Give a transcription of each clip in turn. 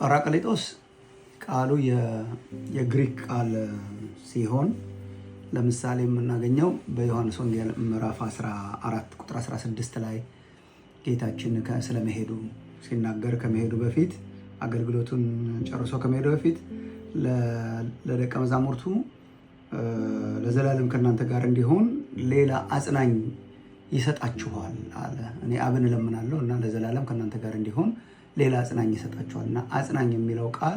ጳራቅሊጦስ ቃሉ የግሪክ ቃል ሲሆን ለምሳሌ የምናገኘው በዮሐንስ ወንጌል ምዕራፍ 14 ቁጥር 16 ላይ ጌታችን ስለመሄዱ ሲናገር ከመሄዱ በፊት አገልግሎቱን ጨርሶ ከመሄዱ በፊት ለደቀ መዛሙርቱ ለዘላለም ከእናንተ ጋር እንዲሆን ሌላ አጽናኝ ይሰጣችኋል አለ። እኔ አብን እለምናለሁ እና ለዘላለም ከእናንተ ጋር እንዲሆን ሌላ አጽናኝ ይሰጣቸዋል እና አጽናኝ የሚለው ቃል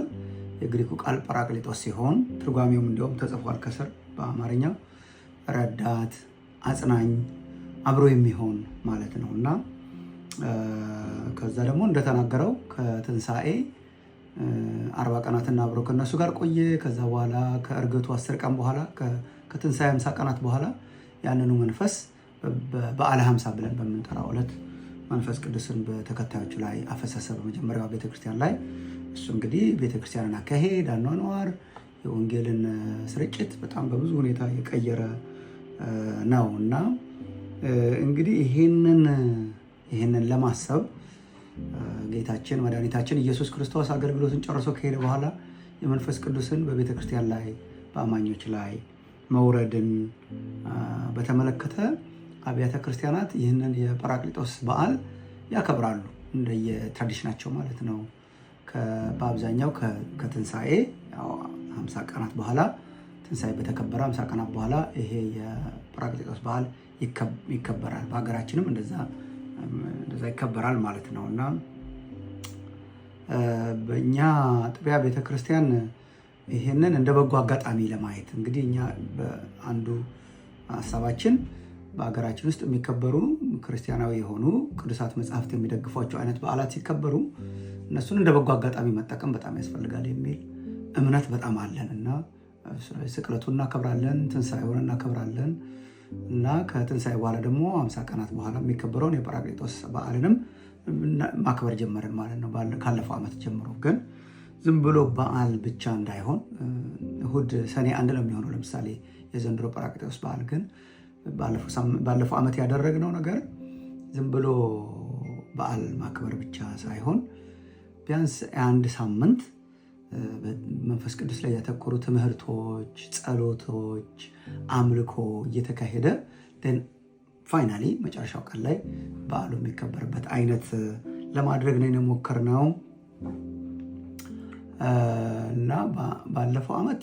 የግሪኩ ቃል ጳራቅሊጦስ ሲሆን ትርጓሜውም እንዲሁም ተጽፏል ከስር በአማርኛ ረዳት፣ አጽናኝ፣ አብሮ የሚሆን ማለት ነው እና ከዛ ደግሞ እንደተናገረው ከትንሣኤ አርባ ቀናትና አብሮ ከእነሱ ጋር ቆየ። ከዛ በኋላ ከእርገቱ አስር ቀን በኋላ ከትንሣኤ ሃምሳ ቀናት በኋላ ያንኑ መንፈስ በበዓለ ሀምሳ ብለን በምንጠራው ዕለት መንፈስ ቅዱስን በተከታዮቹ ላይ አፈሰሰ በመጀመሪያው ቤተክርስቲያን ላይ። እሱ እንግዲህ ቤተክርስቲያንን አካሄድ፣ አኗኗር፣ የወንጌልን ስርጭት በጣም በብዙ ሁኔታ የቀየረ ነው እና እንግዲህ ይህንን ይህንን ለማሰብ ጌታችን መድኃኒታችን ኢየሱስ ክርስቶስ አገልግሎትን ጨርሶ ከሄደ በኋላ የመንፈስ ቅዱስን በቤተክርስቲያን ላይ በአማኞች ላይ መውረድን በተመለከተ አብያተ ክርስቲያናት ይህንን የጰራቅሊጦስ በዓል ያከብራሉ እንደየትራዲሽናቸው ማለት ነው። በአብዛኛው ከትንሣኤ ሀምሳ ቀናት በኋላ ትንሣኤ በተከበረ ሀምሳ ቀናት በኋላ ይሄ የጰራቅሊጦስ በዓል ይከበራል። በሀገራችንም እንደዛ ይከበራል ማለት ነው እና በእኛ ጥቢያ ቤተክርስቲያን ይህንን እንደ በጎ አጋጣሚ ለማየት እንግዲህ እኛ በአንዱ ሀሳባችን በሀገራችን ውስጥ የሚከበሩ ክርስቲያናዊ የሆኑ ቅዱሳት መጽሐፍት የሚደግፏቸው አይነት በዓላት ሲከበሩ እነሱን እንደ በጎ አጋጣሚ መጠቀም በጣም ያስፈልጋል የሚል እምነት በጣም አለን እና ስቅለቱ እናከብራለን፣ ትንሣኤውን እናከብራለን እና ከትንሣኤ በኋላ ደግሞ አምሳ ቀናት በኋላ የሚከበረውን የጰራቅሊጦስ በዓልንም ማክበር ጀመርን ማለት ነው። ካለፈው ዓመት ጀምሮ ግን ዝም ብሎ በዓል ብቻ እንዳይሆን እሁድ ሰኔ አንድ ለሚሆነው ለምሳሌ የዘንድሮ ጰራቅሊጦስ በዓል ግን ባለፈው ዓመት ያደረግነው ነገር ዝም ብሎ በዓል ማክበር ብቻ ሳይሆን ቢያንስ አንድ ሳምንት መንፈስ ቅዱስ ላይ ያተኮሩ ትምህርቶች፣ ጸሎቶች፣ አምልኮ እየተካሄደ ፋይናሊ መጨረሻው ቀን ላይ በዓሉ የሚከበርበት አይነት ለማድረግ ነው የሞከርነው እና ባለፈው ዓመት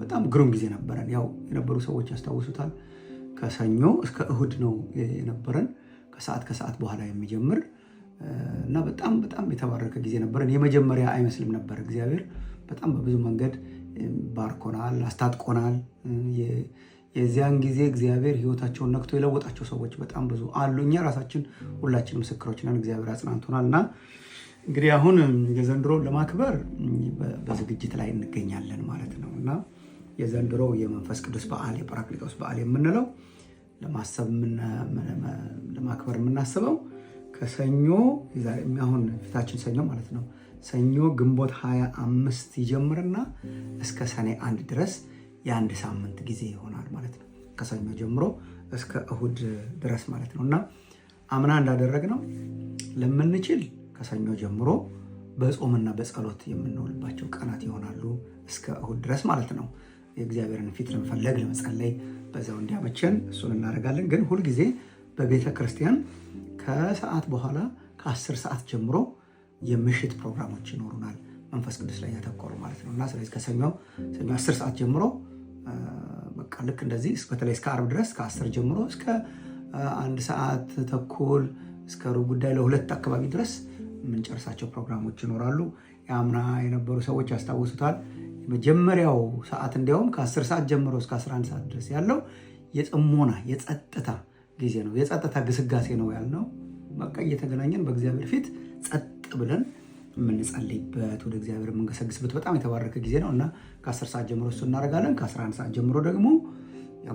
በጣም ግሩም ጊዜ ነበረን። ያው የነበሩ ሰዎች ያስታውሱታል። ከሰኞ እስከ እሁድ ነው የነበረን ከሰዓት ከሰዓት በኋላ የሚጀምር እና በጣም በጣም የተባረከ ጊዜ ነበረን። የመጀመሪያ አይመስልም ነበር። እግዚአብሔር በጣም በብዙ መንገድ ባርኮናል፣ አስታጥቆናል። የዚያን ጊዜ እግዚአብሔር ሕይወታቸውን ነክቶ የለወጣቸው ሰዎች በጣም ብዙ አሉ። እኛ ራሳችን ሁላችን ምስክሮች ነን። እግዚአብሔር አጽናንቶናል እና እንግዲህ አሁን የዘንድሮ ለማክበር በዝግጅት ላይ እንገኛለን ማለት ነው እና የዘንድሮ የመንፈስ ቅዱስ በዓል የጰራቅሊጦስ በዓል የምንለው ለማሰብ ለማክበር የምናስበው ከሰኞ አሁን ፊታችን ሰኞ ማለት ነው። ሰኞ ግንቦት 25 አምስት ይጀምርና እስከ ሰኔ አንድ ድረስ የአንድ ሳምንት ጊዜ ይሆናል ማለት ነው። ከሰኞ ጀምሮ እስከ እሁድ ድረስ ማለት ነው እና አምና እንዳደረግ ነው ለምንችል ከሰኞ ጀምሮ በጾምና በጸሎት የምንውልባቸው ቀናት ይሆናሉ እስከ እሁድ ድረስ ማለት ነው። የእግዚአብሔርን ፊት ለመፈለግ ለመጸለይ በዛው እንዲያመቸን እሱን እናደርጋለን። ግን ሁልጊዜ በቤተ ክርስቲያን ከሰዓት በኋላ ከአስር ሰዓት ጀምሮ የምሽት ፕሮግራሞች ይኖሩናል፣ መንፈስ ቅዱስ ላይ ያተኮሩ ማለት ነው እና ስለዚህ ከሰኞ ሰኞ አስር ሰዓት ጀምሮ በቃ ልክ እንደዚህ በተለይ እስከ አርብ ድረስ ከአስር ጀምሮ እስከ አንድ ሰዓት ተኩል እስከ ሩብ ጉዳይ ለሁለት አካባቢ ድረስ የምንጨርሳቸው ፕሮግራሞች ይኖራሉ። የአምና የነበሩ ሰዎች ያስታውሱታል። መጀመሪያው ሰዓት እንዲያውም ከ10 ሰዓት ጀምሮ እስከ 11 ሰዓት ድረስ ያለው የጥሞና የጸጥታ ጊዜ ነው፣ የጸጥታ ግስጋሴ ነው ያልነው። በቃ እየተገናኘን በእግዚአብሔር ፊት ጸጥ ብለን የምንጸልይበት ወደ እግዚአብሔር የምንገሰግስበት በጣም የተባረከ ጊዜ ነው እና ከ10 ሰዓት ጀምሮ እሱ እናደርጋለን። ከ11 ሰዓት ጀምሮ ደግሞ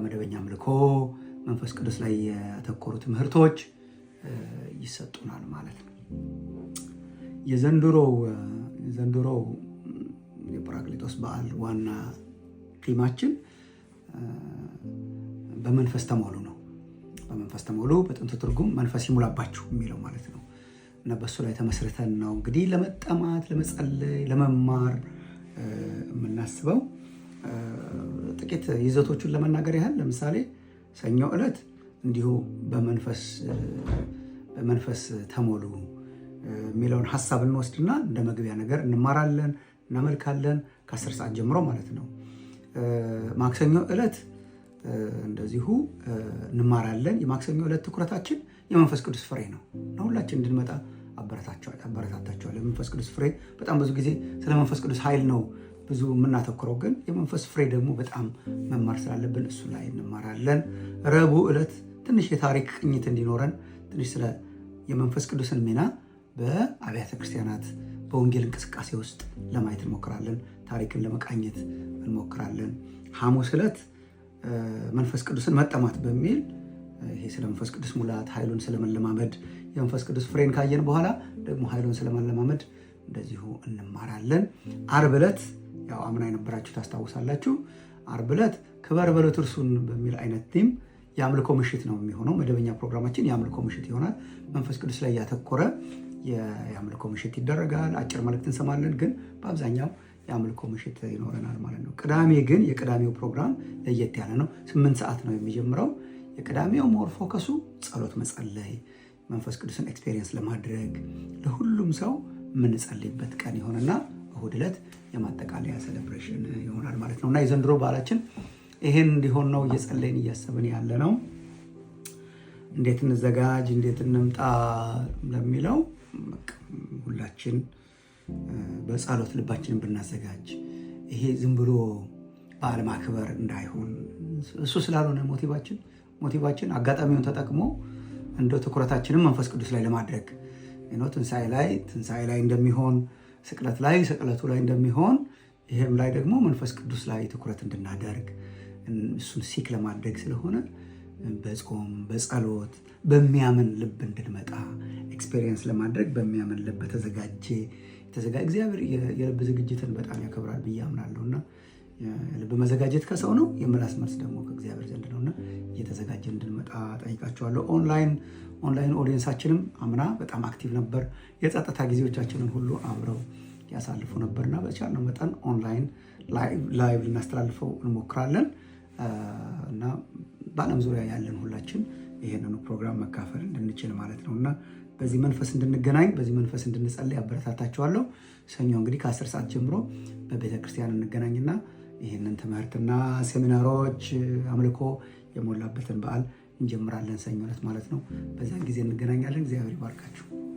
መደበኛ አምልኮ፣ መንፈስ ቅዱስ ላይ ያተኮሩ ትምህርቶች ይሰጡናል ማለት ነው። የዘንድሮው የዘንድሮው የጰራቅሊጦስ በዓል ዋና ቲማችን በመንፈስ ተሞሉ ነው። በመንፈስ ተሞሉ በጥንቱ ትርጉም መንፈስ ይሙላባችሁ የሚለው ማለት ነው እና በእሱ ላይ ተመስርተን ነው እንግዲህ ለመጠማት፣ ለመጸለይ፣ ለመማር የምናስበው። ጥቂት ይዘቶቹን ለመናገር ያህል ለምሳሌ ሰኞ ዕለት እንዲሁ በመንፈስ ተሞሉ የሚለውን ሀሳብ እንወስድና እንደ መግቢያ ነገር እንማራለን፣ እናመልካለን ከአስር ሰዓት ጀምሮ ማለት ነው። ማክሰኞ ዕለት እንደዚሁ እንማራለን። የማክሰኞ ዕለት ትኩረታችን የመንፈስ ቅዱስ ፍሬ ነው እና ሁላችን እንድንመጣ አበረታታቸዋል። የመንፈስ ቅዱስ ፍሬ በጣም ብዙ ጊዜ ስለ መንፈስ ቅዱስ ኃይል ነው ብዙ የምናተኩረው፣ ግን የመንፈስ ፍሬ ደግሞ በጣም መማር ስላለብን እሱ ላይ እንማራለን። ረቡዕ ዕለት ትንሽ የታሪክ ቅኝት እንዲኖረን ትንሽ ስለ የመንፈስ ቅዱስን ሚና በአብያተ ክርስቲያናት በወንጌል እንቅስቃሴ ውስጥ ለማየት እንሞክራለን። ታሪክን ለመቃኘት እንሞክራለን። ሐሙስ ዕለት መንፈስ ቅዱስን መጠማት በሚል ይሄ ስለ መንፈስ ቅዱስ ሙላት ኃይሉን ስለመለማመድ የመንፈስ ቅዱስ ፍሬን ካየን በኋላ ደግሞ ኃይሉን ስለመለማመድ እንደዚሁ እንማራለን። አርብ ዕለት ያው አምና የነበራችሁ ታስታውሳላችሁ። አርብ ዕለት ክበር በሉት እርሱን በሚል አይነት ቲም የአምልኮ ምሽት ነው የሚሆነው። መደበኛ ፕሮግራማችን የአምልኮ ምሽት ይሆናል። መንፈስ ቅዱስ ላይ ያተኮረ የአምልኮ ምሽት ይደረጋል። አጭር መልእክት እንሰማለን፣ ግን በአብዛኛው የአምልኮ ምሽት ይኖረናል ማለት ነው። ቅዳሜ ግን የቅዳሜው ፕሮግራም ለየት ያለ ነው። ስምንት ሰዓት ነው የሚጀምረው። የቅዳሜው ሞር ፎከሱ ጸሎት መጸለይ፣ መንፈስ ቅዱስን ኤክስፔሪየንስ ለማድረግ ለሁሉም ሰው የምንጸልይበት ቀን ይሆንና እሁድ ዕለት የማጠቃለያ ሴሌብሬሽን ይሆናል ማለት ነው እና የዘንድሮ በዓላችን ይሄን እንዲሆን ነው እየጸለይን እያሰብን ያለ ነው። እንዴት እንዘጋጅ፣ እንዴት እንምጣ ለሚለው ሁላችን በጸሎት ልባችንን ብናዘጋጅ ይሄ ዝም ብሎ በዓል ማክበር እንዳይሆን እሱ ስላልሆነ ሞቲቫችን ሞቲቫችን አጋጣሚውን ተጠቅሞ እንደ ትኩረታችንን መንፈስ ቅዱስ ላይ ለማድረግ ትንሣኤ ላይ ትንሣኤ ላይ እንደሚሆን ስቅለት ላይ ስቅለቱ ላይ እንደሚሆን ይህም ላይ ደግሞ መንፈስ ቅዱስ ላይ ትኩረት እንድናደርግ እሱን ሲክ ለማድረግ ስለሆነ በጾም በጸሎት በሚያምን ልብ እንድንመጣ ኤክስፔሪየንስ ለማድረግ በሚያምን ልብ በተዘጋጀ የተዘጋ እግዚአብሔር የልብ ዝግጅትን በጣም ያከብራል ብዬ አምናለሁ እና የልብ መዘጋጀት ከሰው ነው፣ የምላስ መልስ ደግሞ ከእግዚአብሔር ዘንድ ነው እና እየተዘጋጀ እንድንመጣ ጠይቃቸዋለሁ። ኦንላይን ኦንላይን ኦዲየንሳችንም አምና በጣም አክቲቭ ነበር። የጸጥታ ጊዜዎቻችንን ሁሉ አብረው ያሳልፉ ነበርና በቻልነው መጠን ኦንላይን ላይቭ ልናስተላልፈው እንሞክራለን እና በዓለም ዙሪያ ያለን ሁላችን ይህንኑ ፕሮግራም መካፈል እንድንችል ማለት ነው እና በዚህ መንፈስ እንድንገናኝ በዚህ መንፈስ እንድንጸልይ አበረታታችኋለሁ። ሰኞ እንግዲህ ከአስር ሰዓት ጀምሮ በቤተ ክርስቲያን እንገናኝና ይህንን ትምህርትና ሴሚናሮች አምልኮ የሞላበትን በዓል እንጀምራለን። ሰኞ ዕለት ማለት ነው። በዚያን ጊዜ እንገናኛለን። እግዚአብሔር ይባርካችሁ።